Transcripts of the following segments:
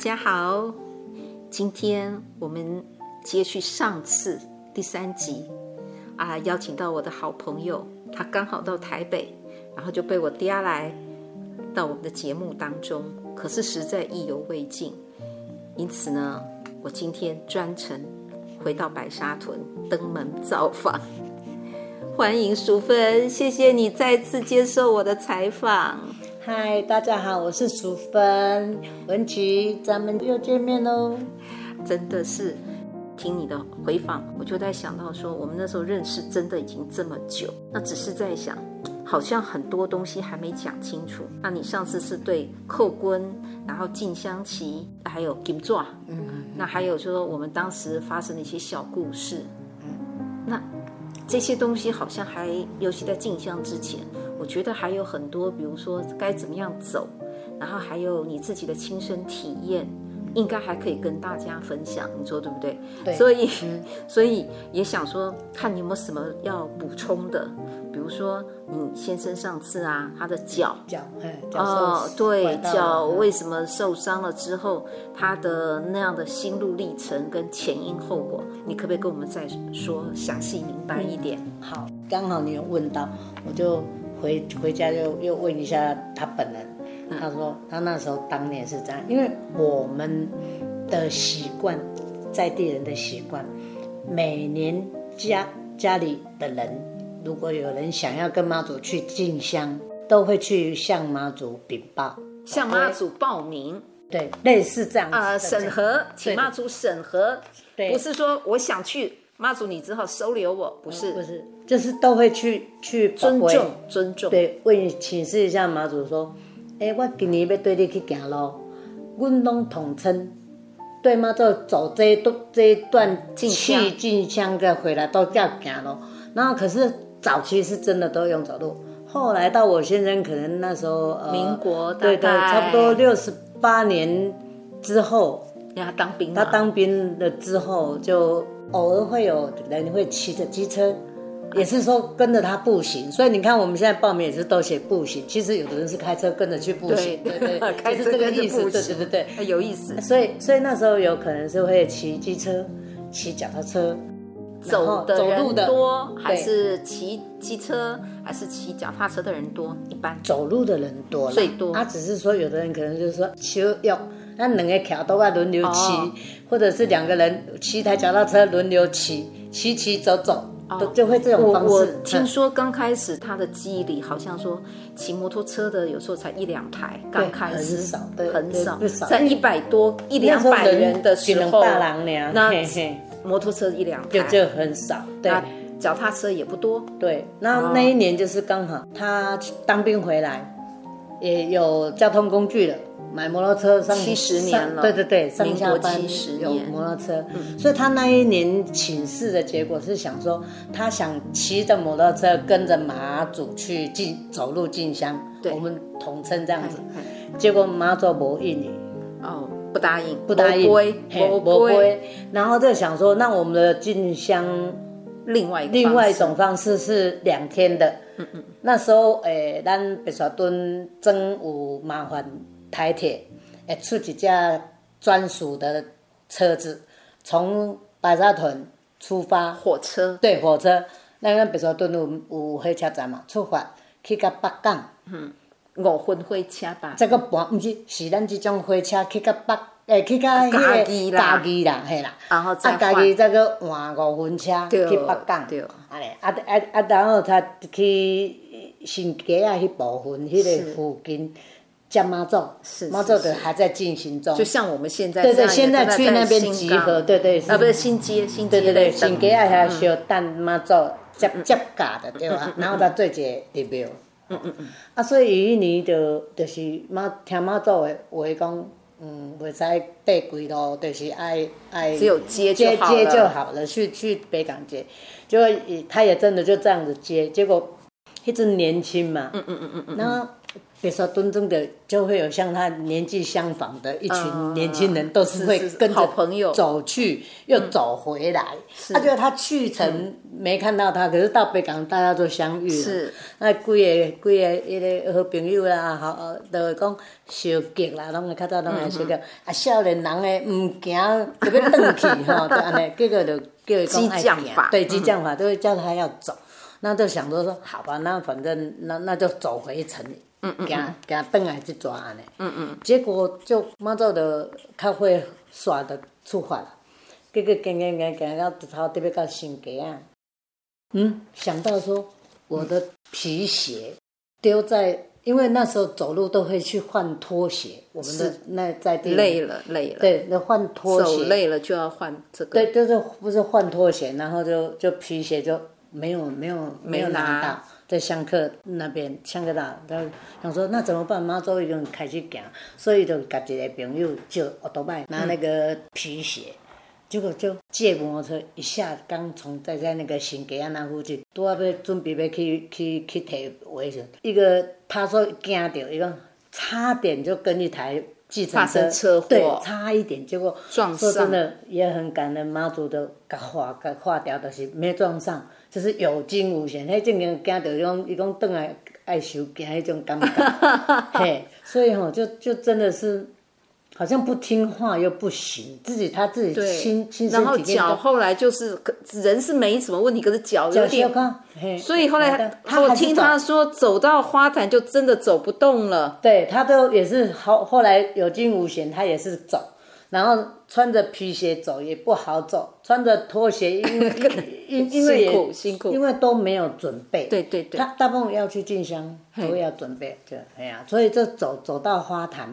大家好，今天我們接續上次第三集啊，邀請到我的好朋友，他剛好到台北，然後就被我嗲來到我們的節目當中。可是實在意猶未盡，因此呢，我今天專程回到白沙屯登門造訪，歡迎淑芬，謝謝你再次接受我的採訪。嗨，大家好，我是淑芬文琪，咱們又見面嘍。真的是聽你的回訪，我就在想到說，我們那時候認識真的已經這麼久，那只是在想，好像很多東西還沒講清楚。那你上次是對寇棍，然後進香旗，還有金座，嗯，嗯，嗯，那還有說我們當時發生的一些小故事，嗯，那這些東西好像還，尤其在進香之前。我覺得還有很多，比如說該怎麼樣走，然後還有你自己的親身體驗，應該還可以跟大家分享。你說對不對？對，所以、嗯，所以也想說，看你有沒有什麼要補充的，比如說你先生上次啊，他的腳腳，腳哦，對，腳為什麼受傷了之後、嗯，他的那樣的心路歷程跟前因後果，你可不可以跟我們再說、嗯、詳細明白一點？嗯、好，剛好你有問到，我就。回回家又又問一下他本人、嗯，他說他那時候當年是這樣，因為我們的習慣，在地人的習慣，每年家家裡的人如果有人想要跟媽祖去進香，都會去向媽祖稟報，向媽祖報名、okay，對，類似這樣子，啊、呃，審核，請媽祖審核，對，對，對，不是說我想去。媽祖，你只好收留我，不是、啊？不是，就是都會去去尊重尊重，對，為你請示一下媽祖說，哎、欸，我今年要對你去行路，阮攏統稱對媽祖走這一這一段進香去進香再回來都這樣行路，然後可是早期是真的都用走路，嗯、後來到我先生可能那時候、嗯、呃，民國大概對對，差不多六十八年之後，他、啊、當兵，他當兵了之後就。嗯偶爾會有人會騎着機車，也是說跟着他步行。啊、所以你看，我們現在報名也是都寫步行。其實有的人是開車跟着去步行，對對，對,對，開車跟着步行，其實這個意思。對對對，對,對，有意思。所以所以那時候有可能是會騎機車、騎腳踏車，走走路的人多還是騎機車還是騎腳踏車的人多？一般走路的人多，最多。他只是說有的人可能就是說騎要。那兩個腳都要輪流騎，哦，或者是兩個人騎一台腳踏車輪流騎，騎騎走走，都、哦、就，就會這種方式。聽說剛開始他的記憶裡好像說，騎摩托車的有時候才一兩台，剛開始很少，很少，才一百多一兩百人的時候，騎大郎娘，那嘿嘿，摩托車一兩台就就很少，對，腳踏車也不多，對。那那一年就是剛好他當兵回來，嗯，也有交通工具了。買摩托車上，上對對對七十年了對對對，上下班有摩托車，嗯、所以他那一年請示的結果是想說，他想騎着摩托車跟着媽祖去進走路進香，我們統稱這樣子嘿嘿。結果媽祖不應允，哦，不答應，不答應，不不歸。然後就想說，那我們的進香另外一另外一種方式是兩天的嗯嗯。那時候誒、欸，咱白沙屯真有麻煩。台鐵，會，出一架專屬的車子，從白沙屯出發，火車，對，火車。那咱白沙屯有有火車站嘛？出發去到北港，嗯，五分火車吧。再擱半毋是，是咱即種火車去到北，誒、欸，去到迄、那個家己啦，嘿啦。然後啊，家己再擱換五分車去北港，對咧啊對啊啊，啊然後才去新街啊，迄部分，迄、那個附近。接媽祖，媽祖的還在進行中是是是，就像我們現在對,對對，現在去那邊集合，對對，啊不是新街新街，對對對，新,新街還要,要等媽祖、嗯、接接駕的對哇、嗯嗯嗯，然後才做一下 debut。嗯嗯嗯，啊所以伊一年就、就是媽聽媽祖的話講，嗯，袂使跟規路，就是愛愛只有接接接就好了，去去北港接，就他也真的就這樣子接，結果一直年輕嘛，嗯嗯嗯嗯嗯，然後。比如說，真正的就會有像他年紀相仿的一群年輕人，嗯、都是會跟着是是是朋友走去，又走回來。他覺得他去程、嗯、沒看到他，可是到北港大家都相遇了。那幾個幾個一個好朋友啦，好，好，好會啦都會講相隔啦，攏會較早攏會相隔。啊，少年人的唔 行，特別轉去吼，就安尼，結果就叫伊講愛走，對激將法，都會叫他要走。嗯嗯，那就想着說，好吧，那反正那那就走回城。嗯嗯，嗯。嗯。嗯。嗯。嗯。嗯。嗯。結果就嗯。嗯。嗯。嗯。嗯。嗯。嗯。出發了。嗯。嗯。嗯。嗯。嗯。嗯。嗯。他嗯。嗯。嗯。嗯。嗯。啊，嗯，想到說、嗯、我的皮鞋丟在，因為那時候走路都會去換拖鞋，我們的那，那在地累了累了，對，那換拖鞋，嗯。手累了就要換這個，對，就是不是換拖鞋，然後就就皮鞋就沒有沒有沒拿。沒有拿到在香客那邊，香客啦。他想說那怎麼辦？媽祖已經開始走，所以就跟一個朋友借摩托車拿那個皮鞋，嗯，結果就借摩托車一下剛從在在那個新街啊那附近，拄好要準備要去去去提鞋，一個到他說驚掉一個，差點就跟一台計程車發生車禍，差一點，結果撞上，說真的也很感人。媽祖都甲化甲化掉，就是沒撞上。就是有驚無險，他證明家到伊講，伊講倒來愛受驚，迄種感覺， 對，所以、喔、就就真的是，好像不聽話又不行，自己他自己親身體驗然後腳後來就是，人是沒什麼問題，可是腳有點腳，所以後來他他我聽他說走到花壇就真的走不動了。對他都也是後後來有驚無險，他也是走。然後穿着皮鞋走也不好走，穿着拖鞋因因 因為也辛苦，辛苦，因為都沒有準備。對對對，他大部分要去進香都要準備，對就哎呀、啊，所以就走走到花壇，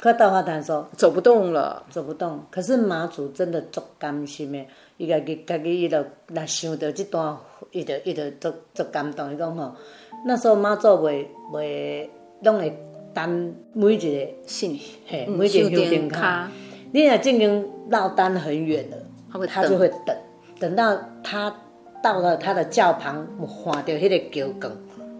快到花壇的時候走不動了，走不動。可是媽祖真的足甘心的，伊家己家己伊就那想到這段，伊就伊就足足感動。伊講吼，那時候媽祖未未攏會。但每節信嘿，每一有點卡，你也曾經落單很遠了、嗯，他就會等、嗯，等到他到了他的轎旁，劃、嗯、掉、嗯、那個轎梗、哦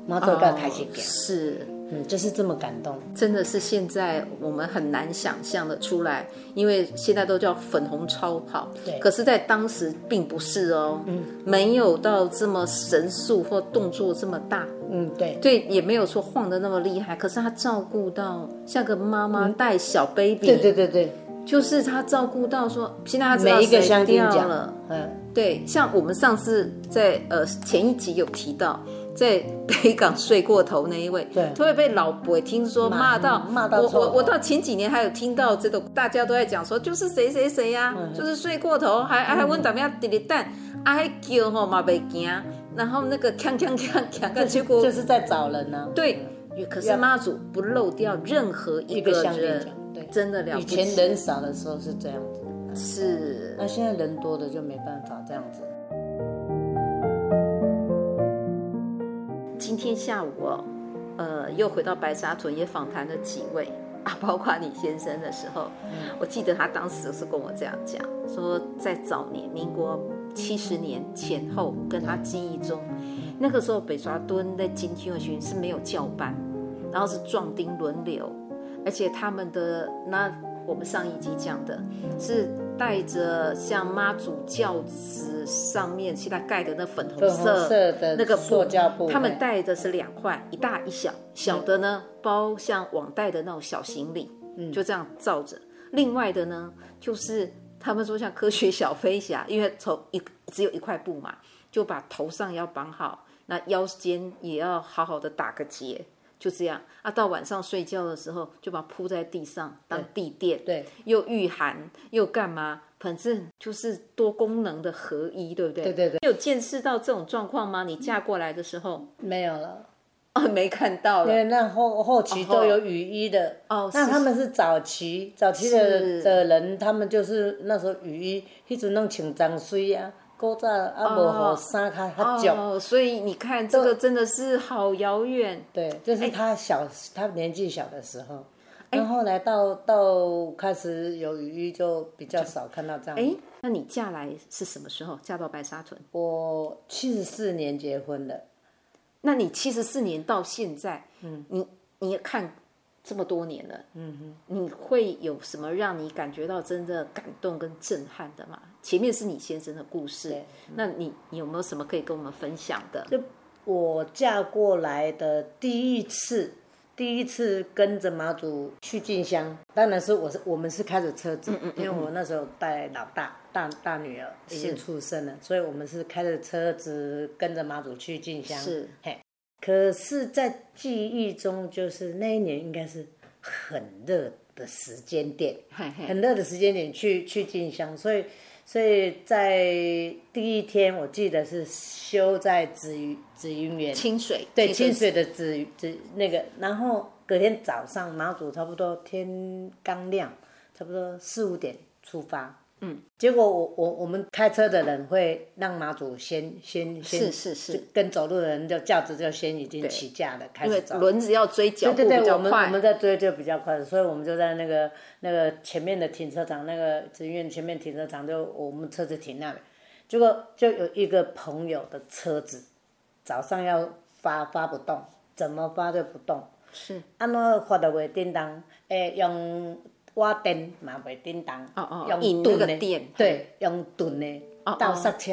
嗯，就頭哥開始給。是，嗯，就是這麼感動。真的是現在我們很難想象的出來，因為現在都叫粉紅超跑，對。可是，在當時並不是哦，嗯，嗯沒有到這麼神速或動作這麼大。嗯，對對，也沒有說晃得那麼厲害，可是他照顧到像個媽媽帶小 baby、嗯。對對對對，就是他照顧到說，現在他知道每一個鄉丁講了，嗯，對，像我們上次在呃前一集有提到，在北港睡過頭那一位，對，他會被老伯聽說罵到，罵，罵到，罵到我我我到前幾年還有聽到這個，嗯、大家都在講說就是誰誰誰呀、啊嗯，就是睡過頭，還還還，我們前面直直等，啊，叫吼嘛未驚。然後那個鏘鏘鏘鏘，結果就是在找人呢、啊。對、嗯，可是媽祖不漏掉任何一個人，個對，真的了不起，以前人少的時候是這樣子、啊是，是。那現在人多的就沒辦法這樣子。今天下午、哦，呃，又回到白沙屯，也訪談了幾位啊，包括李先生的時候、嗯，我記得他當時是跟我這樣講，說在早年民國。七十年前後跟，跟他記憶中，那個時候、嗯、白沙屯在的圈群是沒有轎班，然後是壯丁輪流，而且他們的那我們上一集講的，是帶着像媽祖轎子上面現在蓋的那粉紅色、紅色的那個塑膠布，他們帶的是兩塊，一大一小，小的呢、嗯、包像網袋的那種小行李，嗯，就這樣罩着、嗯。另外的呢就是。他們說像科學小飛俠，因為從一只有一塊布嘛，就把頭上要綁好，那腰間也要好好的打個結，就這樣啊。到晚上睡覺的時候，就把它鋪在地上當地墊，對，又御寒又幹嘛？反正就是多功能的合一，對不對？對對對。你有見識到這種狀況嗎？你嫁過來的時候，嗯，沒有了。哦、沒看到了。對，那後後期都有雨衣的。哦。那他們是早期，哦、早期的的人，他們就是那時候雨衣，迄陣攏穿髒水啊，古早啊無好衫，卡較舊哦，所以你看這個真的是好遙遠。對，就是他小，欸、他年紀小的時候，欸、然後來到到開始有雨衣就比較少看到這樣。哎、欸，那你嫁來是什麼時候？嫁到白沙屯？我七十四年結婚的。那你七十四年到現在，嗯，你你也看這麼多年了，嗯哼，你會有什麼讓你感覺到真的感動跟震撼的嗎？前面是你先生的故事，嗯、那你，你有沒有什麼可以跟我們分享的？就我嫁過來的第一次。第一次跟着媽祖去進香，當然是我是我們是開着車子，嗯嗯嗯，因為我那時候帶老大大大女兒已經出生了，所以我們是開着車子跟着媽祖去進香。是，嘿，可是，在記憶中，就是那一年應該是很熱的時間點，嘿嘿很熱的時間點去去進香，所以。所以在第一天，我記得是修在紫雲紫雲巖清水，對，清水的紫紫那個，然後隔天早上，媽祖差不多天剛亮，差不多四五點出發。嗯，結果我我我們開車的人會讓媽祖先先先，先是是是跟走路的人，就轎子就先已經起駕了對，開始走，輪子要追腳步對對對，我們我們在追就比較快，所以我們就在那個那個前面的停車場，那個醫院前面停車場，就我們車子停那裡，結果就有一個朋友的車子早上要發發不動，怎麼發都不動，是，按、啊、怎發的袂叮噹，誒、欸、用。瓦燈嘛袂叮當，用燉的，電、哦哦，對，用燉的倒剎車，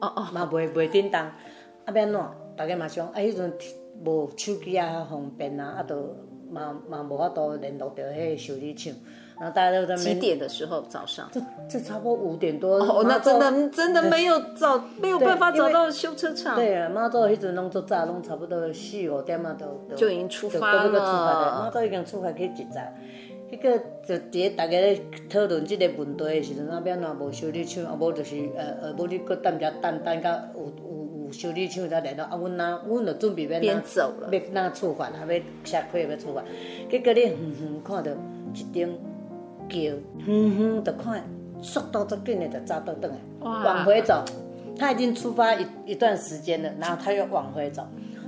哦哦，嘛袂袂叮動哦哦哦。啊，要怎？大家嘛想，啊，迄陣無手機啊，方便啊，啊，都嘛嘛無法度聯絡到迄個修理廠。然後，大家都幾點的時候？早上？這這差不多五點多、嗯。哦，那真的、嗯、真的沒有找，沒有辦法找到修車廠。對啊，媽祖，都迄陣攏，都早攏差不多四五點嘛都。就已經出發了。媽祖、嗯、已經出發去進香。結果就佇個大家咧討論即個問題誒時陣，阿變那無修理廠，阿、啊、無就是呃呃，無你擱等下等，等到，等甲有有有修理廠才來咯。啊，我們啊，阮那阮就準備要那要那出發，啦，要，、啊、要下坡要出發，結果你遠遠看到一頂轎，遠遠着看速度足緊誒，着揸倒轉往回走。他已經出發一一段時間了，然後他又往回走，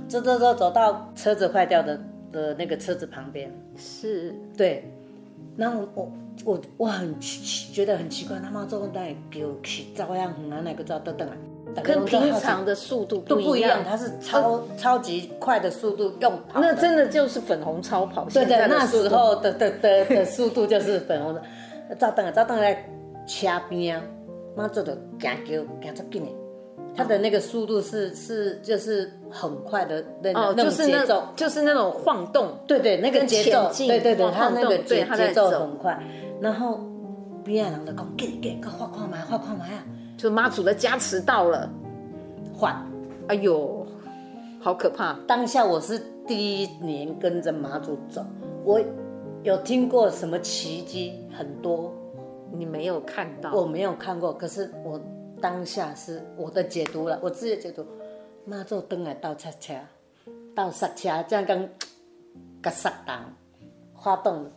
走走走走，走，走到車子壞掉的的那個車子旁邊。是，對。然後我我我我很奇奇，覺得很奇怪，他媽坐那飆起照樣很難，那個照燈燈啊，跟平常的速度不都不一樣，它是超、嗯、超級快的速度用跑那，真的就是粉紅超跑。對對，那的時候的的的的速度就是粉紅的，照燈啊照燈啊，車邊啊，媽做着行橋，行足他的那個速度是、oh. 是就是很快的那、oh, 那種節奏、就是，就是那種晃動，對對，那個節奏，對對對，晃動他那個節節奏很快。然後邊仔人的講，趕緊趕緊快畫快嘛，畫快嘛呀！就媽祖的加持到了，畫，哎呦，好可怕！當下我是第一年跟着媽祖走，我有聽過什麼奇蹟很多、嗯，你沒有看到？我沒有看過，可是我。當下是我的解讀了，我自己的解讀，媽祖登來倒恰恰，倒剎車,車這樣跟加煞檔，發動了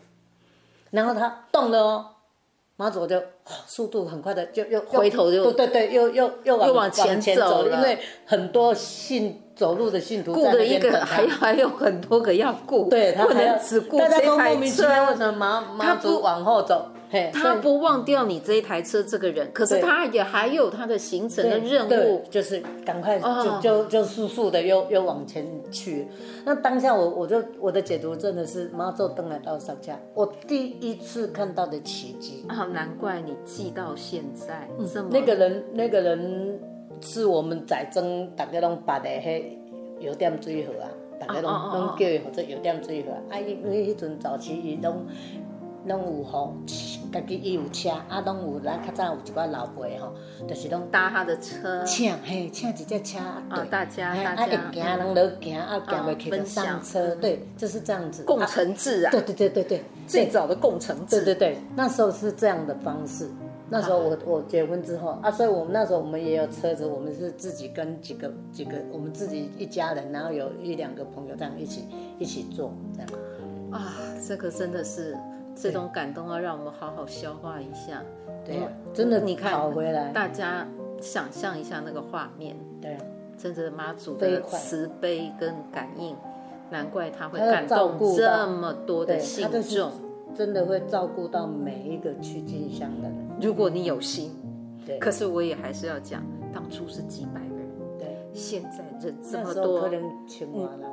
然後他動了哦，媽祖就、哦、速度很快的就又,又回頭就對對,對又又又往,又往前走了，因為很多信。走路的信徒雇了一個，還還有很多個要雇，對，他還要不能只雇這一台車。大家都莫名其妙，為什麼媽媽祖不往後走他？他不忘掉你這一台車這個人，可是他也還有他的行程的任務，就是趕快就、哦、就就、就速速的又又往前去。那當下我我就我的解讀真的是媽祖燈來到上架，我第一次看到的奇蹟、嗯哦。難怪你記到現在，那個人那個人。那個人是我們在爭，大家都把的迄油點水喝啊，大家都攏叫伊或者油點水喝、哦哦哦、啊。因因迄陣早期都，伊攏都有好自己也有車，啊，都有咱較早有一掛老輩吼、啊，就是都搭他的車，請嘿，請一架車，啊、哦，大家大家，一、啊、行人了行，啊，行未起就上車、哦，對，就是這樣子。共乘制啊，啊，對對對對對，對，對，最早的共乘制，對對，對，對，對對，那時候是這樣的方式。那時候我我結婚之後啊，啊，所以我們那時候我們也有車子，嗯、我們是自己跟幾個幾個，我們自己一家人，然後有一兩個朋友這樣一起一起坐，這樣。啊，這個真的是這種感動，要讓我們好好消化一下。對、啊嗯，真的回來你看，大家想象一下那個畫面。對、啊，真的媽祖的慈悲跟感應，啊、難怪他會照顧這麼多的信眾，真的會照顧到每一個去進香的人。如果你有心、嗯，對，可是我也還是要講，當初是幾百個人，對，現在人這麼多，那時候可能千外人嘛，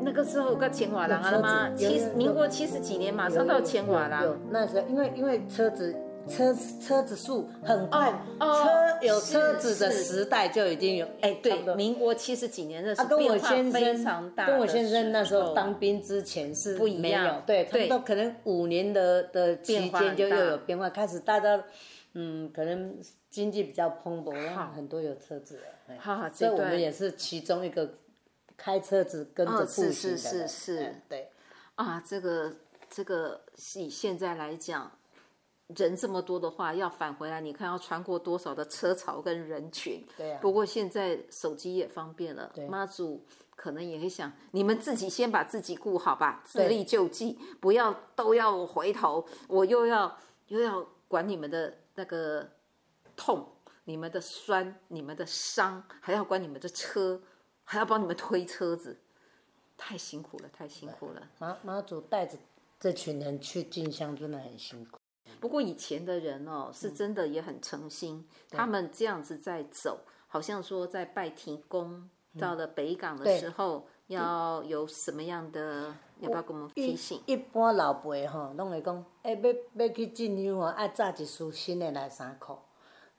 那個時候剛千外人了嗎？七民國七十幾年，馬上到千外人，有，有，有，有，有，有那時候因為因為車子。車車子數很高哦，哦，車有車子的時代就已經有哎、欸，對，民國七十幾年那是變化非常大，啊跟，跟我先生那時候當兵之前是不一樣，哦、對，到可能五年的的期間就又有變化，變化開始大家嗯，可能經濟比較蓬勃，很多有車子，對，這我們也是其中一個開車子跟着、哦、是是是，是。對，對啊，這個這個以現在來講。人這麼多的話，要返回來，你看要穿過多少的車潮跟人群。對啊。不過現在手機也方便了。對。媽祖可能也會想：你們自己先把自己顧好吧，自力救濟，不要都要回頭，我又要又要管你們的那個痛、你們的酸、你們的傷，還要管你們的車，還要幫你們推車子，太辛苦了，太辛苦了。媽、啊、媽祖帶着這群人去進香，真的很辛苦。不過以前的人哦，是真的也很誠心。嗯、他們這樣子在走，好像說在拜天公。到了北港的時候，嗯、要有什麼樣的？要不要給我們提醒？一，一般老輩吼，攏會講，哎，要要去進香啊，要早一梳新的內衫褲。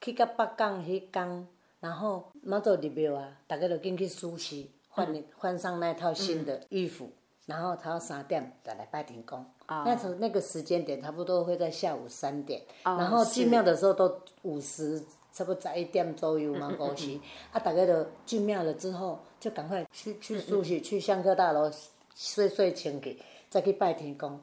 去到北港迄天，然後嘛就入廟啊，大家都進去梳洗，換換上那套新的衣服。嗯嗯然後他要三點再來拜天公、oh. 那時候那個時間點差不多會在下午三點，oh, 然後進廟的時候都五時，差不多在一點左右嘛，五時 啊，大概都進廟了之後，就趕快去 去梳洗，去香客大樓洗洗清潔再去拜天公，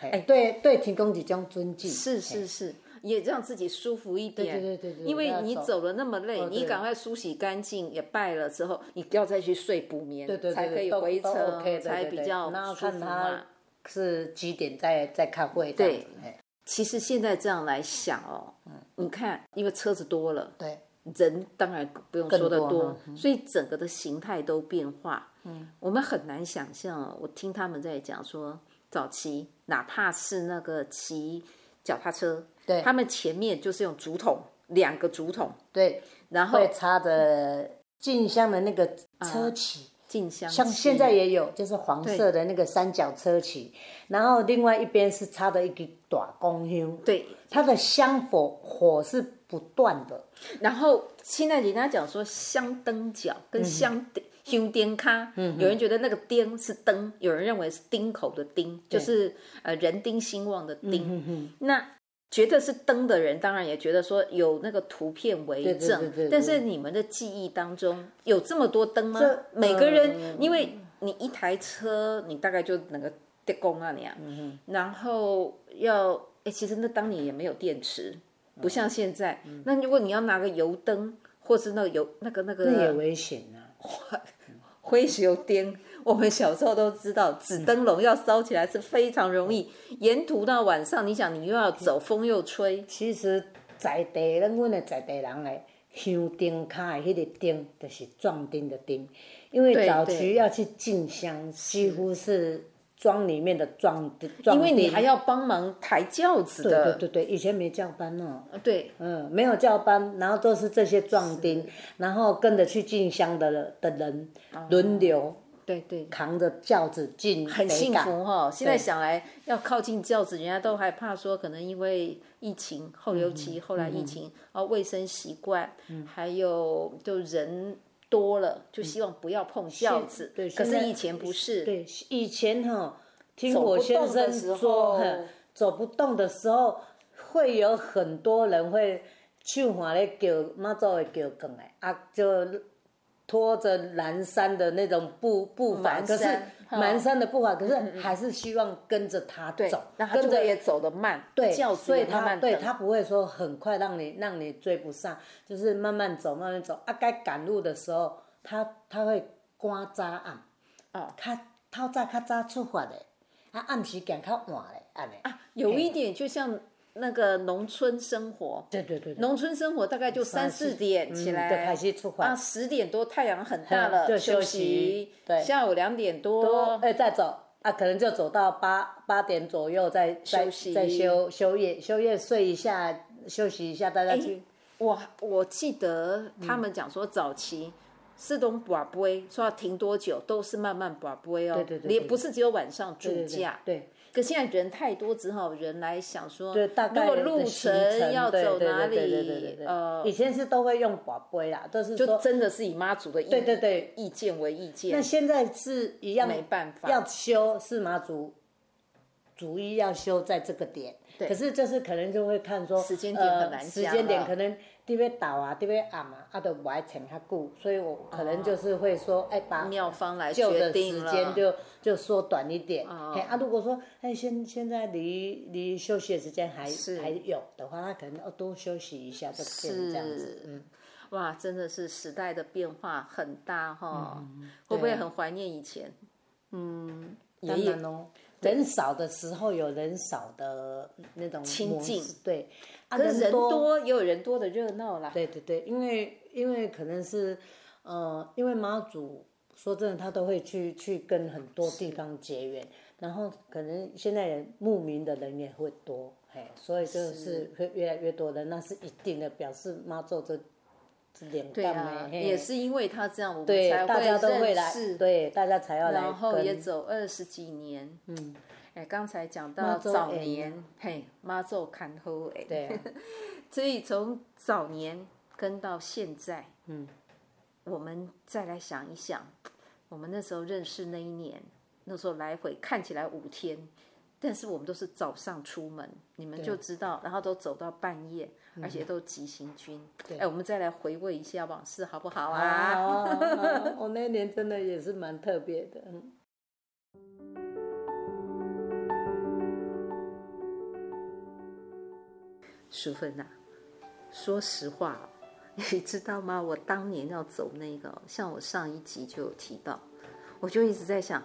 哎、欸，對對，天公一種尊敬，是是是。是也讓自己舒服一點，對對對,對,對因為你走了那麼累，你趕快梳洗乾淨、哦，也拜了之後，你要再去睡補眠，對對對,對，才可以回車，okay, 對對對才比較舒服看、啊、他是幾點在在開會？對，其實現在這樣來想哦，嗯、你看，因為車子多了，對、嗯，人當然不用說的多,多、嗯嗯，所以整個的形態都變化，嗯，我們很難想象哦。我聽他們在講說，早期哪怕是那個騎腳踏車。對，他們前面就是用竹筒，兩個竹筒，對，然後插着進香的那個車旗，進、啊、香像現在也有，就是黃色的那個三角車旗，然後另外一邊是插着一根短供香，對，它的香火火是不斷的。然後現在人家講說香燈腳跟香香丁卡，嗯、嗯，有人覺得那個丁是燈、嗯，有人認為是丁口的丁，就是呃人丁興旺的丁、嗯，那。覺得是燈的人，當然也覺得說有那個圖片為證。但是你們的記憶當中有這麼多燈嗎？每個人、嗯，因為你一台車，你大概就那個電工啊那樣。然後要哎、欸，其實那當年也沒有電池，嗯、不像現在、嗯。那如果你要拿個油燈，或是那個油那個那個，那也危險啊，石油燈。我們小時候都知道，紙燈籠要燒起來是非常容易、嗯。沿途到晚上，你想你又要走，嗯、風又吹。其實在地，人，問的在地人嘞，香燈卡的迄個丁就是壯丁的丁。因為早期要去進香，幾乎是莊裡面的壯壯丁。因為你還要幫忙抬轎子的。對對對，對以前沒叫班呢、哦哦。對。嗯，沒有叫班，然後都是這些壯丁，然後跟着去進香的的人、哦、輪流。對對，扛着轎子進，很幸福哈、哦。現在想來，要靠近轎子，人家都害怕說，可能因為疫情後期，尤、嗯、其後來疫情，哦、嗯，衛生習慣、嗯，還有就人多了，就希望不要碰轎子。嗯、對，可是以前不是。是對，是對，以前哈、哦，聽我先生說，走不動的時候，會有很多人會去換咧轎，媽祖的轎過來，啊，就。拖着南山的那種步步伐，可是南山的步伐，可是還是希望跟着他走，嗯嗯跟着也走得慢，對，對對，所以他，他慢對，他不會說很快讓你讓你追不上，就是慢慢走，慢慢走啊。該趕路的時候，他他會刮渣暗，嗯、啊，他透早較早出發的，他暗時趕較晚的，按嘞啊，有一點就像。那個農村生活，對對，對，對農村生活大概就三四點起來，出來嗯、就開始出啊，十點多太陽很大了就休息，休息，對，下午兩點多，哎、欸、再走，啊可能就走到八八點左右再，再休息，再休休夜，休夜睡一下休息一下大家去。欸、我我，我記得他們講說早期、嗯、四東跋杯哎，說要停多久都是慢慢跋杯哎哦，對對對，對，也不是只有晚上駐駕對，對，對，對。對可現在人太多，只好人來想說，對，大概的行程，要走哪裡，對對對對對對對呃，以前是都會用寶杯啦，都是說就真的是以媽祖的意，對對對,對意見為意見。那現在是一樣，沒辦法，要修是媽祖，主意要修在這個點。可是就是可能就會看說，時間點很難加。呃時間點可能特別倒啊，特別壓嘛，壓得我還沉他固，所以我可能就是會說，哎、欸，把舊的時間就就縮短一點。哎、哦、啊，如果說，哎、欸，現現在離離休息的時間還是還有的話，他可能要多休息一下，就變這樣子、嗯。哇，真的是時代的變化很大哈、哦嗯啊，會不會很懷念以前？嗯，當然咯、哦。爺爺人少的時候有人少的那種清靜，對、啊。可是人多，人多也有人多的熱鬧啦。對對對，因為因為可能是，呃，因為媽祖說真的，他都會去去跟很多地方結緣，然後可能現在人慕名的人也會多，嘿，所以就是會越來越多人，是那是一定的，表示媽祖這。對啊，也是因為他這樣，我們才會認識。對，大家，對大家才要來。然後也走二十幾年。嗯，哎，剛才講到早年，嗯、早嘿，媽祖看護哎。對、啊。 所以從早年跟到現在，嗯，我們再來想一想，我們那時候認識那一年，那時候來回看起來五天，但是我們都是早上出門，你們就知道，對然後都走到半夜。而且都急行軍、嗯、對，哎，我們再來回味一下往事，好不好啊？好好好好好好好 我那一年真的也是蠻特別的。嗯嗯、淑芬吶、啊，說實話、哦，你知道嗎？我當年要走那個、哦，像我上一集就有提到，我就一直在想，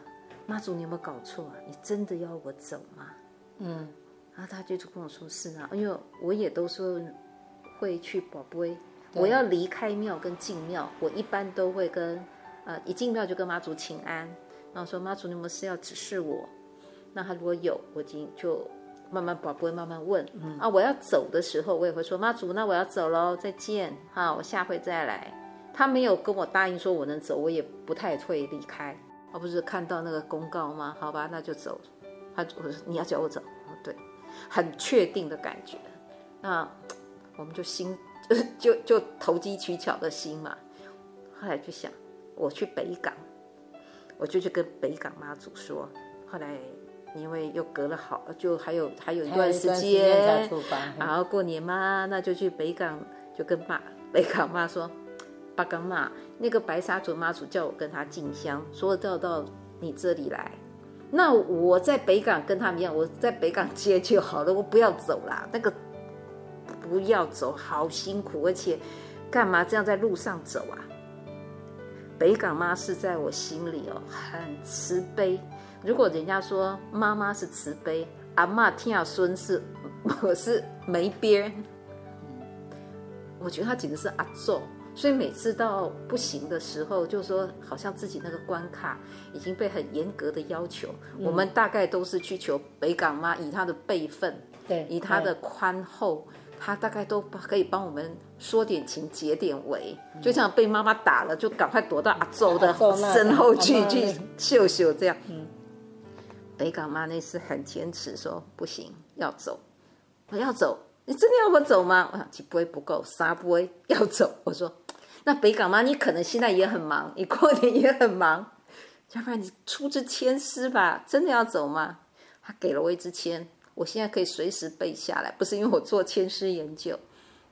媽祖你有沒有搞錯啊？你真的要我走嗎？嗯。然後他就跟我說是啊，因為我也都是會去博杯，我要離開廟跟進廟，我一般都會跟呃一進廟就跟媽祖請安，然後說媽祖你們是要指示我，那他如果有，我經就，就慢慢博杯慢慢問、嗯、啊。我要走的時候，我也會說媽祖，那我要走嘍，再見哈，我下回再來。他沒有跟我答應說我能走，我也不太會離開。我不是看到那個公告嗎？好吧，那就走。他我說你要叫我走？對。很確定的感覺，那我們就心就就投機取巧的心嘛。後來就想，我去北港，我就去跟北港媽祖說。後來因為又隔了好，就還有還有一段時間，然後過年嘛，那就去北港，就跟爸北港媽說，北港媽，那個白沙屯媽祖叫我跟他進香，說要到你這裡來。那我在北港跟他們一樣，我在北港接就好了，我不要走啦。那個不要走，好辛苦，而且幹嘛這樣在路上走啊？北港媽是在我心裡哦，很慈悲。如果人家說媽媽是慈悲，阿嬤聽阿孫是，我是沒邊。我覺得她簡直是阿祖。所以每次到不行的時候，就說好像自己那個關卡已經被很嚴格的要求。嗯、我們大概都是去求北港媽，以她的輩分，對，以她的寬厚，嗯、她大概都可以幫我們說點情、解點圍、嗯。就像被媽媽打了，就趕快躲到阿祖的身後去、嗯、去秀秀這樣。嗯、北港媽那次很堅持說不行，要走，我要走，你真的要我走嗎？我想幾杯不夠，三杯要走。我說。那北港媽，你可能現在也很忙，你過年也很忙，要不然你出支籤詩吧？真的要走嗎？他給了我一支籤，我現在可以隨時背下來。不是因為我做籤詩研究，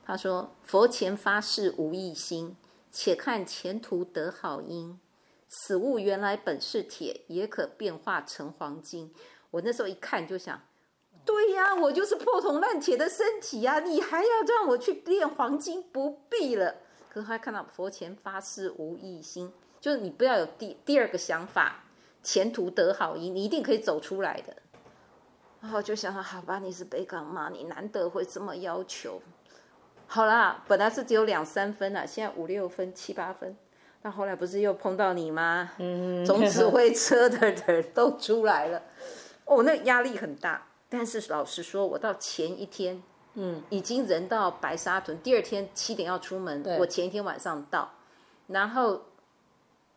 他說：“佛前發誓無異心，且看前途得好音。此物原來本是鐵，也可變化成黃金。”我那時候一看就想，對呀、啊，我就是破銅爛鐵的身體呀、啊，你還要讓我去煉黃金？不必了。他看到佛前發誓無異心，就是你不要有第第二個想法，前途得好，你一定可以走出來的。然後就想說，好吧，你是北港媽，你難得會這麼要求。好啦，本來是只有兩三分了，現在五六分、七八分。但後來不是又碰到你嗎？嗯。總指揮車的，的人都出來了，哦，那壓力很大。但是老實說，我到前一天。嗯，已經人到白沙屯，第二天七點要出門。對，我前一天晚上到，然後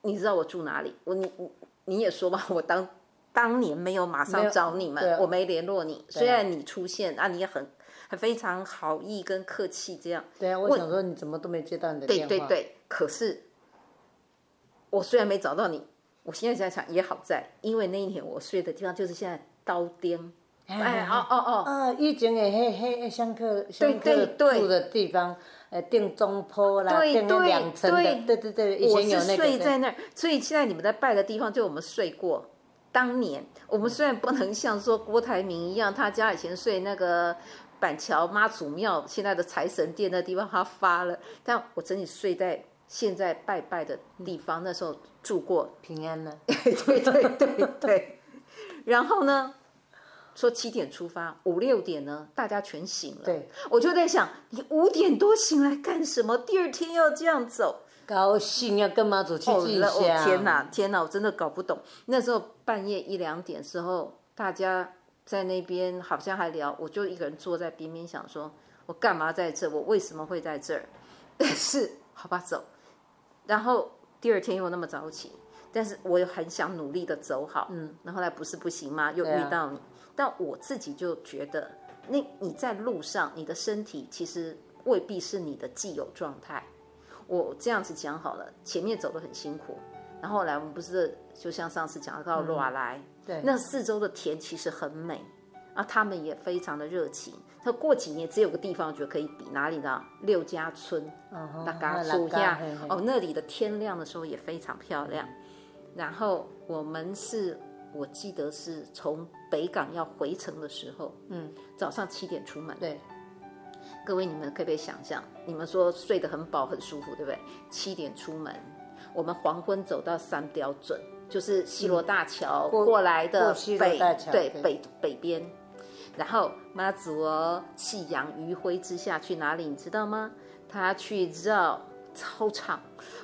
你知道我住哪裡？我你我你也說吧，我當當年沒有馬上找你們，沒啊、我沒聯絡你、啊。雖然你出現，啊你也很很非常好意跟客氣這樣。對啊，我想說你怎麼都沒接到你的電話？對對對，可是我雖然沒找到你，我現在想想也好在，因為那一天我睡的地方就是現在刀丁。哎，哦哦哦！啊、哦哦哦哦，以前的那那香客對對，住的地方，呃，定中坡啦，對定那兩層的，對對對，以前有、那個、我是睡在那兒，所以現在你們在拜的地方，就我們睡過。當年我們雖然不能像說郭台銘一樣，他家以前睡那個板橋媽祖廟現在的財神殿那地方，他發了，但我曾經睡在現在拜拜的地方，那時候住過，平安了。 對對對對，對， 然後呢？說七點出發，五六點呢，大家全醒了。對，我就在想，你五點多醒來幹什麼？第二天要這樣走，高興要跟媽祖去近、oh oh，天哪，天哪，我真的搞不懂。那時候半夜一兩點時候，大家在那邊好像還聊，我就一個人坐在邊邊想說，說我幹嘛在這？我為什麼會在這兒？但 是好吧，走。然後第二天又那麼早起，但是我又很想努力的走好。嗯，那後來不是不行嗎？又遇到你，啊。那我自己就覺得，那你，你在路上，你的身體其實未必是你的既有狀態。我這樣子講好了，前面走得很辛苦，然後來我們不是就像上次講到瓦萊、嗯，對，那四周的田其實很美，啊，他們也非常的熱情。他過幾年只有個地方我覺得可以比哪裡呢？六家村，那甘肅呀，哦，那裡的天亮的時候也非常漂亮。嗯、然後我們是。我記得是從北港要回程的時候，嗯，早上七點出門。對，各位你們可不可以想象你們說睡得很飽很舒服，對不對？七點出門，我們黃昏走到三標準，就是西螺大橋過來的、嗯、過過西螺大橋過來的北，西螺大橋對北北邊。然後媽祖兒、哦、夕陽餘暉之下去哪裡？你知道嗎？他去繞操場。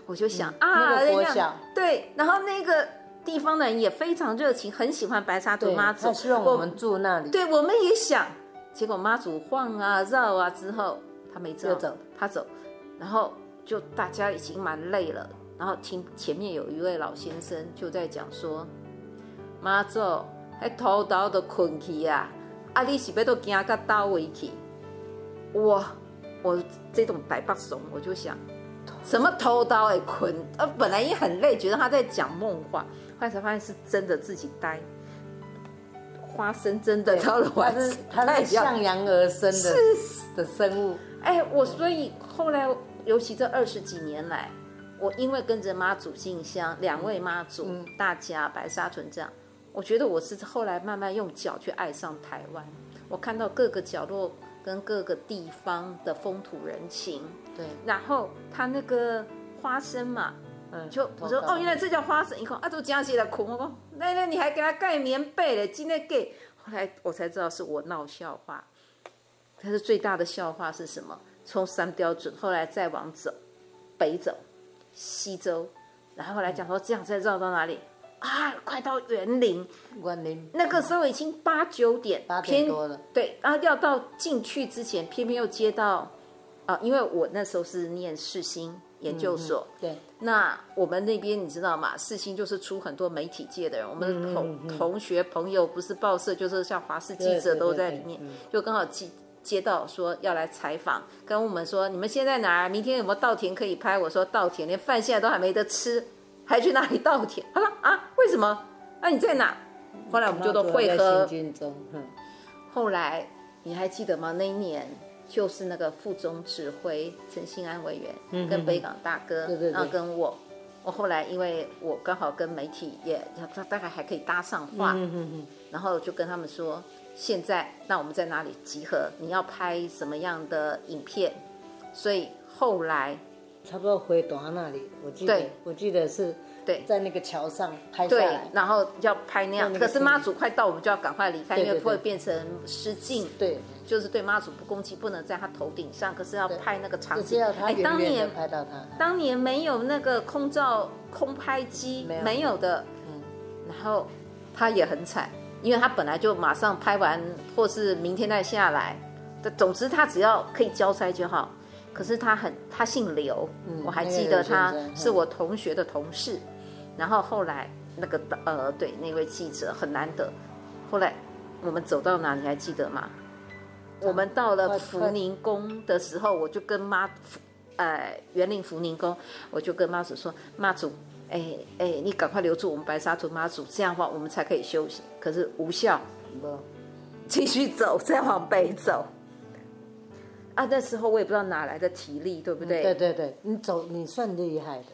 我就想、嗯、啊、那個，對，然後那個。地方的人也非常熱情，很喜歡白沙屯媽祖。他希望我們住那裡。對，我們也想。結果媽祖晃啊繞啊之後，他沒走走，他走。然後就大家已經蠻累了。然後聽前面有一位老先生就在講說：“媽祖，還偷刀的困起啊！啊，你是要都驚到倒尾去？”哇！我這種白髮慫，我就想什麼偷刀誒捆啊？本來也很累，覺得他在講夢話。後來才發現是真的自己呆，花生真的到了花生對，花生它太向陽而生的是是的生物。哎，我所以後來，尤其這二十幾年來，我因為跟着媽祖進香兩位媽祖，嗯、大家白沙屯這樣，我覺得我是後來慢慢用腳去愛上台灣。我看到各個角落跟各個地方的風土人情，對，然後它那個花生嘛。嗯，就、嗯、我說哦，原來這叫花生，你看，啊，都這樣寫的苦。我說那那你還給他蓋棉被嘞？今天給，後來我才知道是我鬧笑話。但是最大的笑話是什麼？從三標準，後來再往走，北走，西周，然後後來講說、嗯、這樣再繞到哪裡？啊，快到園林、林。那個時候已經八九點，八點多了。對，然後要到進去之前，偏偏又接到啊，因為我那時候是念世新。研究所、嗯，對，那我們那邊你知道嗎？世新就是出很多媒體界的人，我們的同、嗯嗯嗯、同學朋友不是報社，就是像華視記者都在裡面，嗯、就剛好接接到說要來採訪，跟我們說你們現在哪兒？明天有沒有稻田可以拍？我說稻田連飯現在都還沒得吃，還去哪裡稻田？他、啊、說啊，為什麼？那、啊、你在哪？後來我們就都匯合、嗯。後來你還記得嗎？那一年？就是那個副總指揮陳新安委員，跟北港大哥、嗯對對對，然後跟我，我後來因為我剛好跟媒體也，他大概還可以搭上話、嗯哼哼，然後就跟他們說，現在那我們在哪裡集合？你要拍什麼樣的影片？所以後來，差不多回團那裡，我記得，對我記得是。對，在那個橋上拍下來，對，然後要拍那樣。那個、可是媽祖快到，我們就要趕快離開，因為不會變成失敬。對，就是對媽祖不恭敬，不能在她頭頂上。可是要拍那個場景。遠遠哎，當年拍到他，當年沒有那個空照、嗯、空拍機，沒有，沒有的、嗯。然後他也很慘，因為他本來就馬上拍完，或是明天再下來。但總之，他只要可以交差就好。可是他很，他姓劉，嗯、我還記得他、嗯、他是我同學的同事。嗯，同事然後後來那個呃，對那位記者很難得。後來我們走到哪，你還記得嗎？我們到了福寧宮的時候，我就跟媽呃，員林福寧宮，我就跟媽祖說，媽祖，哎哎，你趕快留住我們白沙屯媽祖，這樣的話我們才可以休息。可是無效，繼續走，再往北走。啊，那時候我也不知道哪來的體力，對不對？嗯、對對對，你走你算厲害的。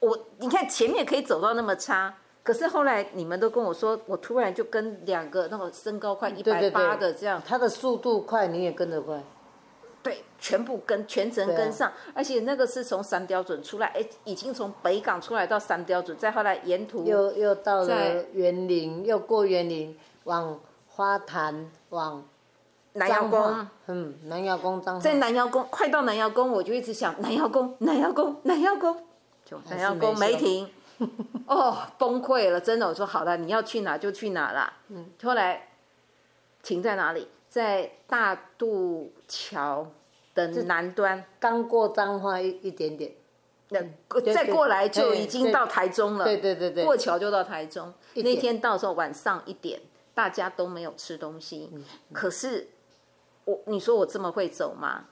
我你看前面可以走到那麼差，可是後來你們都跟我說，我突然就跟兩個那個身高快一百八的這樣，他的速度快，你也跟着快。對，全部跟全程跟上，啊，而且那個是從三標準出來，哎，已經從北港出來到三標準，再後來沿途又又到了員林，又過員林往花壇往花南瑤宮，嗯，南瑤宮當在南瑤宮，快到南瑤宮，我就一直想南瑤宮，南瑤宮，南瑤宮。我想要過沒停，沒 哦，崩潰了，真的。我說好了，你要去哪就去哪了。嗯。後來停在哪裡？在大渡橋的南端，剛過彰化一點點。嗯，再過來就已經到台中了。對對對，對，對，過橋就到台中。那天到時候晚上一點，大家都沒有吃東西。嗯嗯、可是我，你說我這麼會走嗎？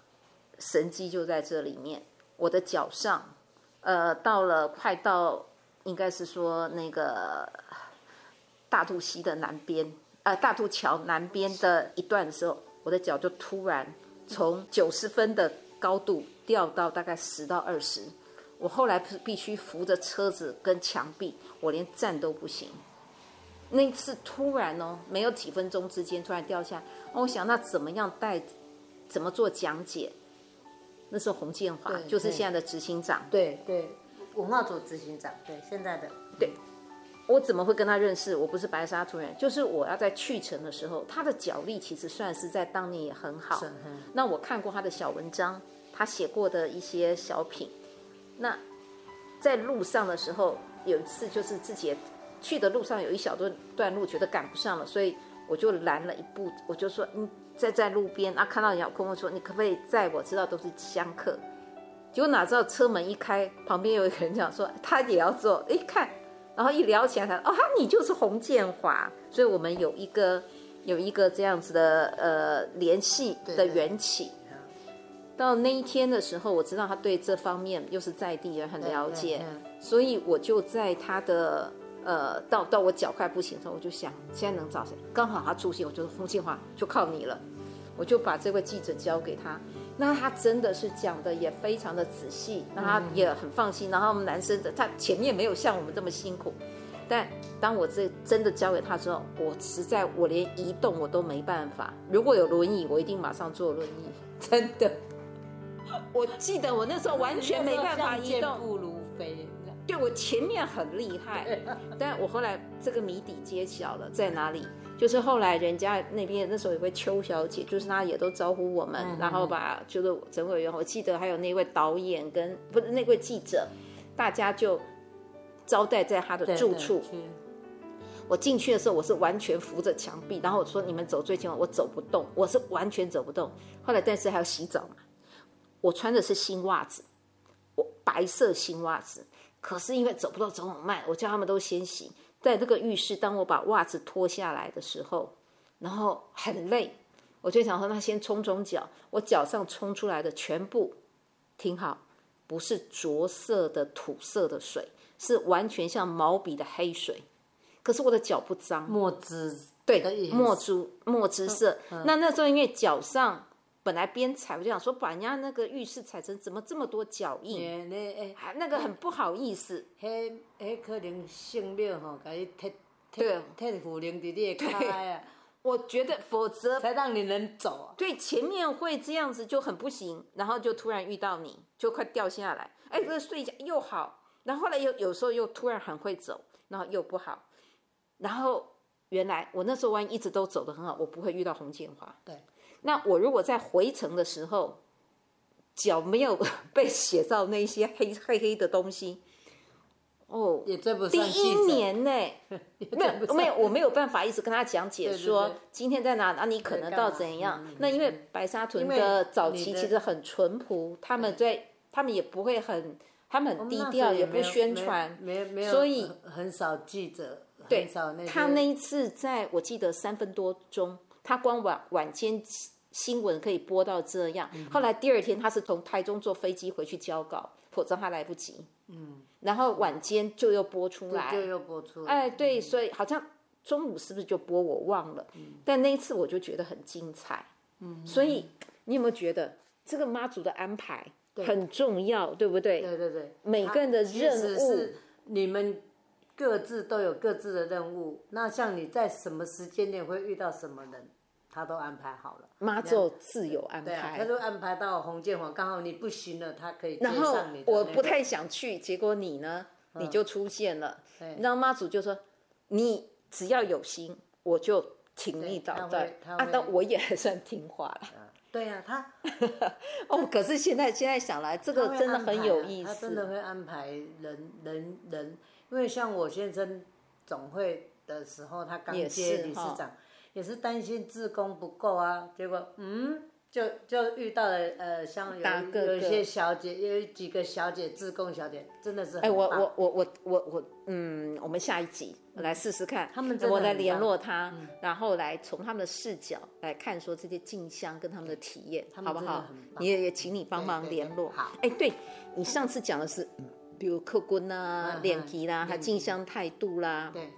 神蹟就在這裡面，我的腳上。呃，到了快到應該是說那個大肚溪的南邊，呃，大肚橋南邊的一段的時候，我的腳就突然從九十分的高度掉到大概十到二十。我後來是必須扶着車子跟牆壁，我連站都不行。那次突然哦，沒有幾分鐘之間突然掉下，哦，我想那怎麼樣帶，怎麼做講解。那是洪建華，就是現在的執行長。對對，文教組執行長。對，現在的。對，我怎麼會跟他認識？我不是白沙屯人，就是我要在去程的時候，他的腳力其實算是在當年也很好。嗯、那我看過他的小文章，他寫過的一些小品。那在路上的時候，有一次就是自己去的路上有一小段段路覺得趕不上了，所以我就攔了一步，我就說嗯。在在路邊，啊，看到人家空空說，你可不可以載我？我知道都是香客，結果哪知道車門一開，旁邊有一個人講說，他也要坐。哎，看，然後一聊起來，他，啊，你就是洪建華，所以我們有一個有一個這樣子的呃聯繫的緣起對對對。到那一天的時候，我知道他對這方面又是在地也很了解對對對，所以我就在他的。呃，到到我腳快不行的時候，我就想現在能找誰？剛好他出現，我覺得風慶華就靠你了，我就把這位記者交給他。那他真的是講的也非常的仔細，那他也很放心。然後我們男生的他前面沒有像我們這麼辛苦，但當我這真的交給他之後，我實在我連移動我都沒辦法。如果有輪椅，我一定馬上坐輪椅。真的，我記得我那時候完全沒辦法移動。對，我前面很厲害，但我後來這個謎底揭曉了在哪裡？就是後來人家那邊那時候有位邱小姐，就是她也都招呼我們，嗯、然後把就是整委員，我記得還有那位導演跟不是那位記者，大家就招待在他的住處對對。我進去的時候，我是完全扶着牆壁，然後我說你們走最近，我走不動，我是完全走不動。後來但是還要洗澡嘛，我穿的是新襪子，我白色新襪子。可是因為走不到，走很慢，我叫他們都先洗，在這個浴室，當我把襪子脫下來的時候，然後很累，我就想說，那先沖沖腳。我腳上沖出來的全部，聽好，不是着色的土色的水，是完全像毛筆的黑水。可是我的腳不髒，墨汁，對，墨汁墨汁色，色、嗯嗯。那那時候因為腳上。.本來邊踩我就想說，把人家那個浴室踩成怎麼這麼多腳印、欸欸？那個很不好意思。那、欸、那、欸欸、可能新料吼，甲伊踢踢踢胡零滴滴開啊。我覺得否則，否則才讓你能走、啊。對，前面會這樣子就很不行，然後就突然遇到你就快掉下來。哎、欸，這個睡覺又好，然後，後來又有時候又突然很會走，然後又不好。然後原來我那時候萬一一直都走得很好，我不會遇到洪建華。對。那我如果在回程的時候，腳沒有被寫到那些黑黑黑的東西，哦，這不算記者，第一年呢、欸，沒有沒有，我沒有辦法一直跟他講解說對對對今天在哪，哪、啊、你可能到怎樣、嗯。那因為白沙屯的早期其實很淳樸，他們在他們也不會很，他們很低調，也、嗯、不有有有有宣傳，沒有沒有沒有所以、呃、很少記者。對，很少，那他那一次在我記得三分多鐘。他光晚晚間新聞可以播到這樣、嗯，後來第二天他是從台中坐飛機回去交稿，否則他來不及。嗯，然後晚間就又播出來，就又播出來。哎，對、嗯，所以好像中午是不是就播？我忘了、嗯。但那一次我就覺得很精彩。嗯。所以你有沒有覺得這個媽祖的安排很重要對，對不對？對對對。每個人的任務，是你們各自都有各自的任務。那像你在什麼時間內會遇到什麼人？他都安排好了，媽祖自有安排。啊，他都安排到洪建煌，剛好你不行了，他可以。然後我不太想去，結果你呢，你就出現了。對。然後媽祖就說：“你只要有心，嗯，我就挺你到對。”啊，但我也還算聽話了。啊對啊，他。 哦，可是現在現在想來，這個啊，這個真的很有意思。他真的會安排人，人，人，因為像我先生總會的時候，他剛接理事長。哦也是擔心志工不夠啊，結果嗯，就就遇到了呃，像有大個個有一些小姐，有幾個小姐，志工小姐真的是哎、欸，我我我我我我嗯，我們下一集我來試試看，們我來聯絡他、嗯，然後來從他們的視角來看說這些進香跟他們的體驗好不好？們你也也請你幫忙聯絡。對對對好，哎、欸，對你上次講的是，比如客官啦、啊、臉皮啦，還進香態度啦，嗯嗯、對。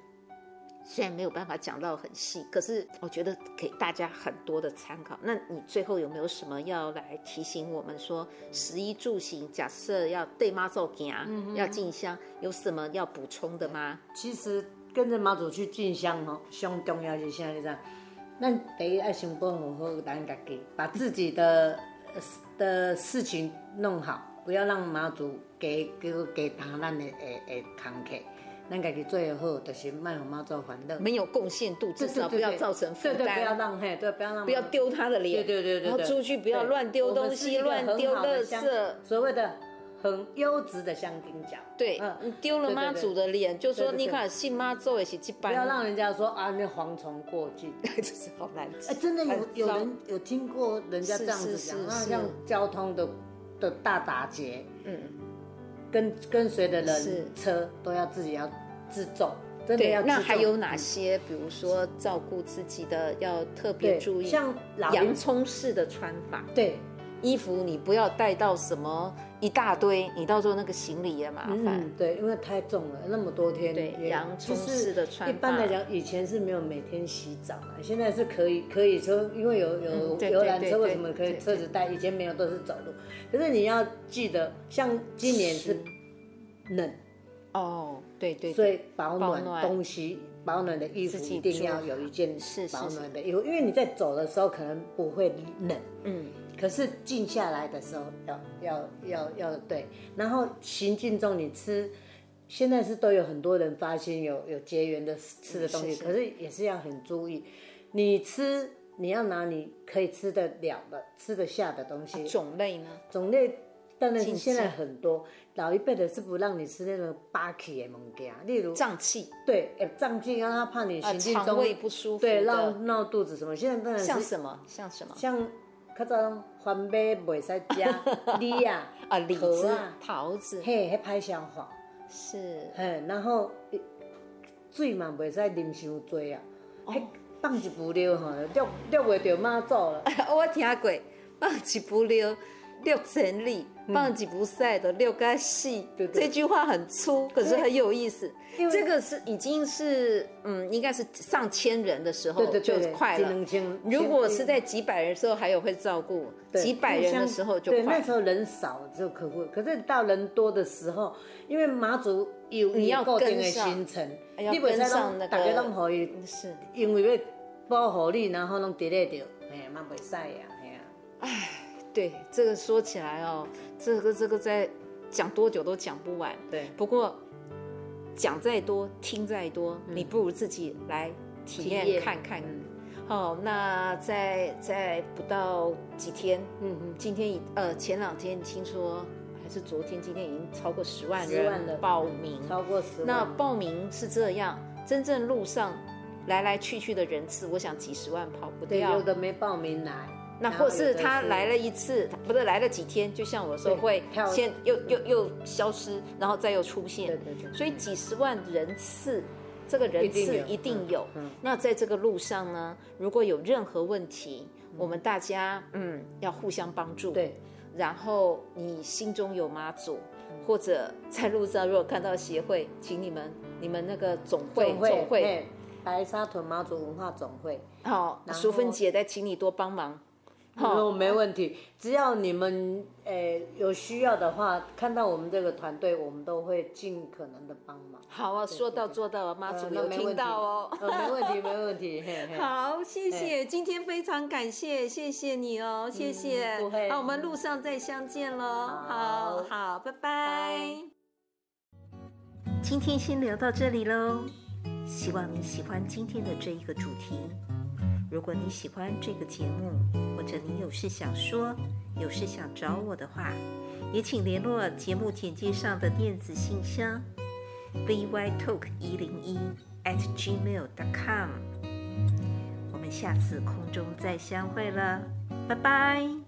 雖然沒有辦法講到很細，可是我覺得給大家很多的參考。那你最後有沒有什麼要來提醒我們說，食、嗯、衣住行，假設要對媽祖行，嗯、要進香，有什麼要補充的嗎？其實跟着媽祖去進香哦，上重要就現在這樣。那等於愛心不好自把自己的的事情弄好，不要讓媽祖給加加擔咱的的的坎坷。那個做最後的是媽祖媽做還的，沒有貢獻度，至少不要造成負擔，不要浪費，對，不要讓媽媽不要丟她的臉，對，對對對對，然後出去不要亂丟東西，亂丟垃圾，所謂的很優質的香燈腳，對，嗯、對對對，你丟了媽祖的臉，就說對對對，你看信媽祖的是去搬，不要讓人家說啊，那蝗蟲過境， 這是好難吃。哎、欸，真的有有人有聽過人家這樣子講，那像交通的的大打結，嗯，跟跟隨的人車都要自己要。自重，對，那還有哪些？嗯、比如說照顧自己的要特別注意，像洋蔥式的穿法，對，衣服你不要帶到什麼一大堆，你到時候那個行李也麻煩。嗯，對，因為太重了，那麼多天。對，洋蔥式的穿法。一般來講，以前是沒有每天洗澡嘛、啊，現在是可以，可以說，因為有有遊覽車，為什麼可以車子帶？以前沒有，都是走路。可是你要記得，像今年是冷。哦、oh,，對對，所以保暖東西保暖、保暖的衣服一定要有一件保暖的衣服，因為你在走的時候可能不會冷，嗯，可是靜下來的時候要、嗯、要要要對。然後行進中你吃，現在是都有很多人發現有有結緣的吃的東西、嗯是是，可是也是要很注意。你吃，你要拿你可以吃得了、的，吃得下的東西、啊。種類呢？種類，當然是現在很多。老一輩的是不讓你吃那種霸氣的物件，例如脹氣，對，脹、欸、氣讓他怕你行進中腸胃、呃、不舒服，對，鬧鬧肚子什麼。現在本來是像什麼？像什麼？像較早種番麥袂使吃，梨 啊，啊，梨、啊、子，桃子， 嘿，還歹消化，是、哦。嗯，然後水嘛袂使啉傷多啊，嘿，放一步溜吼，掠掠袂到媽走了。 我聽過放一步溜六千里。嗯、棒子不賽的，六個細。這句話很粗，可是很有意思。因為這個是已經是，嗯，應該是上千人的時候就快了。對對對，如果是在幾百人的時候，還有會照顧幾百人的時候就快了。那時候人少就可貴。可是到人多的時候，因為馬祖有你固定的行程，你基本上讓大家那麼好，因為會包好你，然後 delay 掉，哎，嘛袂使呀，哎呀，哎。對這個說起來哦，這個這個再講多久都講不完。對，不過講再多聽再多，嗯，你不如自己來體驗，體驗看看。好，嗯哦，那在在不到幾天，嗯嗯，今天已呃前兩天聽說還是昨天，今天已經超過十萬人報名，萬嗯、超過十萬。那報名是這樣，真正路上來來去去的人次，我想幾十萬跑不掉、啊。對，有的沒報名來。那或是他來了一次，不是來了幾天，就像我說會先又又又又消失，然後再又出現。對對對，對。所以幾十萬人次，這個人次一定有，一定有嗯。嗯。那在這個路上呢，如果有任何問題，嗯、我們大家嗯要互相幫助、嗯。對。然後你心中有媽祖、嗯，或者在路上如果看到協會，請你們你們那個總會總會、總會、總會白沙屯媽祖文化總會。好。淑芬姐在，再請你多幫忙。好，沒問題。只要你們誒、欸、有需要的話，看到我們這個團隊，我們都會盡可能的幫忙。好啊，對對對，說到做到，媽祖有聽到哦、嗯。沒問題，沒問題。 嘿嘿好，謝謝，今天非常感謝謝謝你哦，謝謝、嗯、不會。那我們路上再相見嘍。好，好，拜拜。Bye. 今天先聊到這裡嘍，希望你喜歡今天的這一個主題。如果你喜歡這個節目，或者你有事想說，有事想找我的話，也請聯絡節目簡介上的電子信箱 VYtalk 一零一 at gmail dot com。我們下次空中再相會了，拜拜。